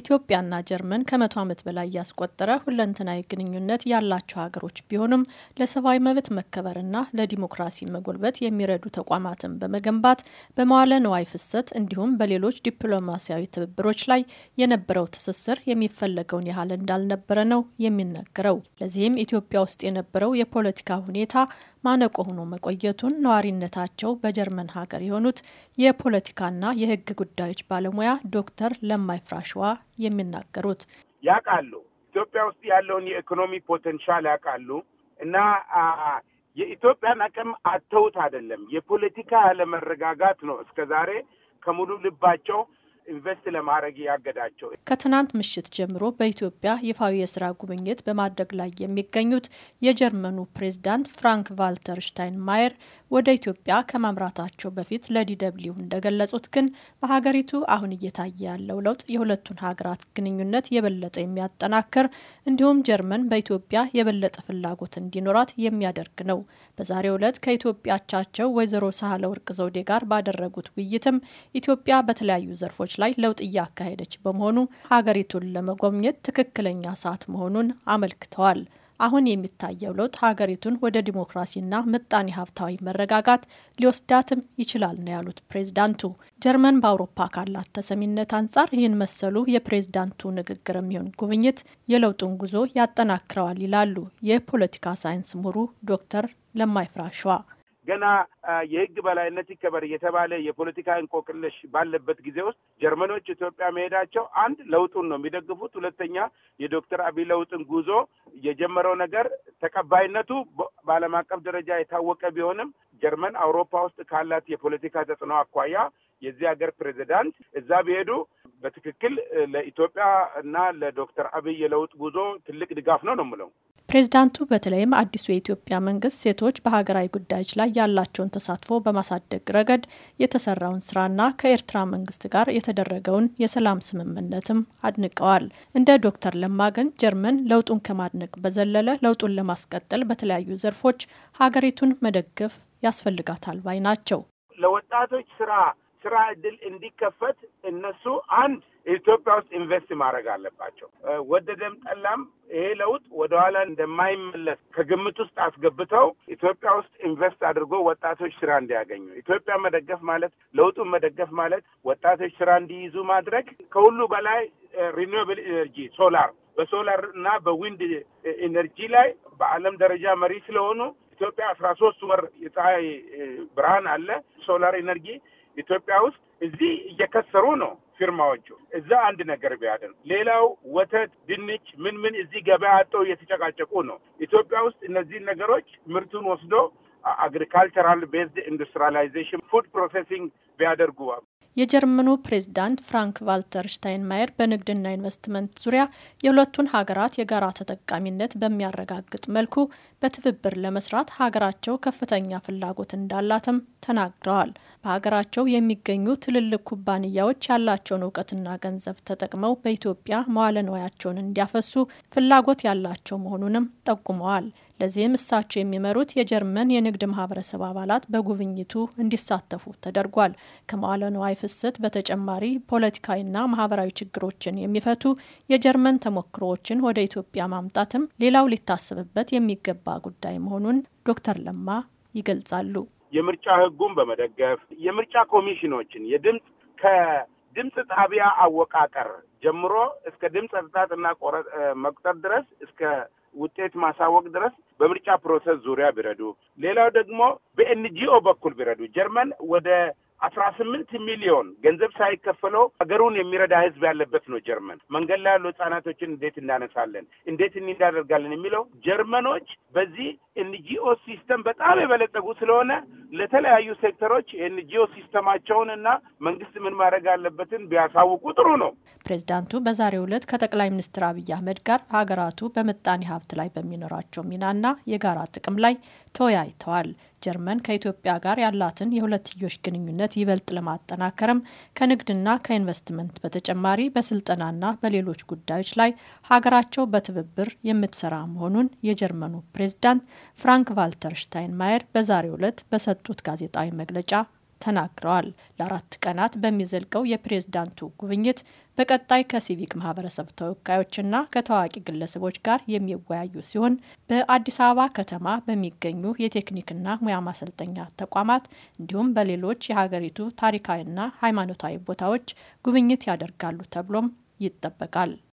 ኢትዮጵያና ጀርመን ከመቶ ዓመት በላይ ያስቆጠረ ሁለንተናዊ ግንኙነት ያላቸው ሀገሮች ቢሆንም ለሰብአዊ መብት መከበርና ለዲሞክራሲ መጎልበት የሚረዱ ተቋማትን በመገንባት በመዋለ ንዋይ ፍሰት እንዲሁም በሌሎች ዲፕሎማሲያዊ ትብብሮች ላይ የነበረው ትስስር የሚፈለገውን ያህል እንዳልነበረ ነው የሚነገረው። ለዚህም ኢትዮጵያ ውስጥ የነበረው የፖለቲካ ሁኔታ ማነቆ ሆኖ መቆየቱን ነዋሪነታቸው በጀርመን ሀገር የሆኑት የፖለቲካና የሕግ ጉዳዮች ባለሙያ ዶክተር ለማይ ፍራሽዋ የሚናገሩት ያውቃሉ። ኢትዮጵያ ውስጥ ያለውን የኢኮኖሚ ፖቴንሻል ያውቃሉ እና የኢትዮጵያን አቅም አተውት አይደለም። የፖለቲካ አለመረጋጋት ነው እስከዛሬ ከሙሉ ልባቸው ኢንቨስት ለማድረግ ያገዳቸው። ከትናንት ምሽት ጀምሮ በኢትዮጵያ ይፋዊ የስራ ጉብኝት በማድረግ ላይ የሚገኙት የጀርመኑ ፕሬዝዳንት ፍራንክ ቫልተር ማየር ወደ ኢትዮጵያ ከማምራታቸው በፊት ለዲደብሊው እንደገለጹት ግን በሀገሪቱ አሁን እየታየ ያለው ለውጥ የሁለቱን ሀገራት ግንኙነት የበለጠ የሚያጠናክር እንዲሁም ጀርመን በኢትዮጵያ የበለጠ ፍላጎት እንዲኖራት የሚያደርግ ነው። በዛሬው ዕለት ከኢትዮጵያቻቸው ወይዘሮ ሳህለ ወርቅ ዘውዴ ጋር ባደረጉት ውይይትም ኢትዮጵያ በተለያዩ ዘርፎች ጉዳዮች ላይ ለውጥ እያካሄደች በመሆኑ ሀገሪቱን ለመጎብኘት ትክክለኛ ሰዓት መሆኑን አመልክተዋል። አሁን የሚታየው ለውጥ ሀገሪቱን ወደ ዲሞክራሲና ምጣኔ ሀብታዊ መረጋጋት ሊወስዳትም ይችላል ነው ያሉት ፕሬዝዳንቱ። ጀርመን በአውሮፓ ካላት ተሰሚነት አንጻር ይህን መሰሉ የፕሬዝዳንቱ ንግግር የሚሆን ጉብኝት የለውጡን ጉዞ ያጠናክረዋል ይላሉ የፖለቲካ ሳይንስ ምሁሩ ዶክተር ለማይፍራሸዋ ገና የህግ በላይነት ይከበር የተባለ የፖለቲካ እንቆቅልሽ ባለበት ጊዜ ውስጥ ጀርመኖች ኢትዮጵያ መሄዳቸው አንድ ለውጡን ነው የሚደግፉት፣ ሁለተኛ የዶክተር አብይ ለውጥን ጉዞ የጀመረው ነገር ተቀባይነቱ በዓለም አቀፍ ደረጃ የታወቀ ቢሆንም ጀርመን አውሮፓ ውስጥ ካላት የፖለቲካ ተጽዕኖ አኳያ የዚህ ሀገር ፕሬዚዳንት እዛ ቢሄዱ በትክክል ለኢትዮጵያ እና ለዶክተር አብይ የለውጥ ጉዞ ትልቅ ድጋፍ ነው ነው የምለው። ፕሬዚዳንቱ በተለይም አዲሱ የኢትዮጵያ መንግስት ሴቶች በሀገራዊ ጉዳዮች ላይ ያላቸውን ተሳትፎ በማሳደግ ረገድ የተሰራውን ስራና ከኤርትራ መንግስት ጋር የተደረገውን የሰላም ስምምነትም አድንቀዋል። እንደ ዶክተር ለማ ግን ጀርመን ለውጡን ከማድነቅ በዘለለ ለውጡን ለማስቀጠል በተለያዩ ዘርፎች ሀገሪቱን መደገፍ ያስፈልጋታል ባይ ናቸው። ለወጣቶች ስራ ስራ እድል እንዲከፈት እነሱ አንድ ኢትዮጵያ ውስጥ ኢንቨስት ማድረግ አለባቸው። ወደደም ጠላም ይሄ ለውጥ ወደኋላ እንደማይመለስ ከግምት ውስጥ አስገብተው ኢትዮጵያ ውስጥ ኢንቨስት አድርጎ ወጣቶች ስራ እንዲያገኙ ኢትዮጵያ መደገፍ ማለት ለውጡን መደገፍ ማለት ወጣቶች ስራ እንዲይዙ ማድረግ ከሁሉ በላይ ሪኒዌብል ኤነርጂ ሶላር፣ በሶላር እና በዊንድ ኤነርጂ ላይ በዓለም ደረጃ መሪ ስለሆኑ ኢትዮጵያ አስራ ሶስት ወር የፀሐይ ብርሃን አለ ሶላር ኤነርጂ ኢትዮጵያ ውስጥ እዚህ እየከሰሩ ነው ፊርማዎቹ። እዛ አንድ ነገር ቢያደርጉ። ሌላው ወተት፣ ድንች፣ ምን ምን እዚህ ገበያ አጠው እየተጨቃጨቁ ነው። ኢትዮጵያ ውስጥ እነዚህን ነገሮች ምርቱን ወስዶ አግሪካልቸራል ቤዝድ ኢንዱስትሪላይዜሽን ፉድ ፕሮሴሲንግ ቢያደርጉ የጀርመኑ ፕሬዝዳንት ፍራንክ ቫልተር ሽታይንማየር በንግድና ኢንቨስትመንት ዙሪያ የሁለቱን ሀገራት የጋራ ተጠቃሚነት በሚያረጋግጥ መልኩ በትብብር ለመስራት ሀገራቸው ከፍተኛ ፍላጎት እንዳላትም ተናግረዋል። በሀገራቸው የሚገኙ ትልልቅ ኩባንያዎች ያላቸውን እውቀትና ገንዘብ ተጠቅመው በኢትዮጵያ መዋለ ንዋያቸውን እንዲያፈሱ ፍላጎት ያላቸው መሆኑንም ጠቁመዋል። ለዚህም እሳቸው የሚመሩት የጀርመን የንግድ ማህበረሰብ አባላት በጉብኝቱ እንዲሳተፉ ተደርጓል። ከመዋለ ንዋይ ፍሰት በተጨማሪ ፖለቲካዊና ማህበራዊ ችግሮችን የሚፈቱ የጀርመን ተሞክሮዎችን ወደ ኢትዮጵያ ማምጣትም ሌላው ሊታሰብበት የሚገባ ጉዳይ መሆኑን ዶክተር ለማ ይገልጻሉ። የምርጫ ህጉን በመደገፍ የምርጫ ኮሚሽኖችን የድምፅ ከድምፅ ጣቢያ አወቃቀር ጀምሮ እስከ ድምፅ ቆረ መቁጠር ድረስ እስከ ውጤት ማሳወቅ ድረስ በምርጫ ፕሮሰስ ዙሪያ ቢረዱ፣ ሌላው ደግሞ በኤንጂኦ በኩል ቢረዱ ጀርመን ወደ አስራ ስምንት ሚሊዮን ገንዘብ ሳይከፈለው ሀገሩን የሚረዳ ህዝብ ያለበት ነው። ጀርመን መንገድ ላይ ያሉ ህጻናቶችን እንዴት እናነሳለን፣ እንዴት እንዳደርጋለን የሚለው ጀርመኖች በዚህ ኤንጂኦ ሲስተም በጣም የበለጸጉ ስለሆነ ለተለያዩ ሴክተሮች ኤንጂኦ ሲስተማቸውን መንግስት ምን ማድረግ አለበትን ቢያሳውቁ ጥሩ ነው። ፕሬዚዳንቱ በዛሬው ዕለት ከጠቅላይ ሚኒስትር አብይ አህመድ ጋር ሀገራቱ በምጣኔ ሀብት ላይ በሚኖራቸው ሚናና የጋራ ጥቅም ላይ ተወያይተዋል። ጀርመን ከኢትዮጵያ ጋር ያላትን የሁለትዮሽ ግንኙነት ይበልጥ ለማጠናከርም ከንግድና ከኢንቨስትመንት በተጨማሪ በስልጠናና በሌሎች ጉዳዮች ላይ ሀገራቸው በትብብር የምትሰራ መሆኑን የጀርመኑ ፕሬዚዳንት ፍራንክ ቫልተር ሽታይንማየር በዛሬው ዕለት በሰጡት ጋዜጣዊ መግለጫ ተናግረዋል። ለአራት ቀናት በሚዘልቀው የፕሬዝዳንቱ ጉብኝት በቀጣይ ከሲቪክ ማህበረሰብ ተወካዮችና ከታዋቂ ግለሰቦች ጋር የሚወያዩ ሲሆን በአዲስ አበባ ከተማ በሚገኙ የቴክኒክና ሙያ ማሰልጠኛ ተቋማት እንዲሁም በሌሎች የሀገሪቱ ታሪካዊና ሃይማኖታዊ ቦታዎች ጉብኝት ያደርጋሉ ተብሎም ይጠበቃል።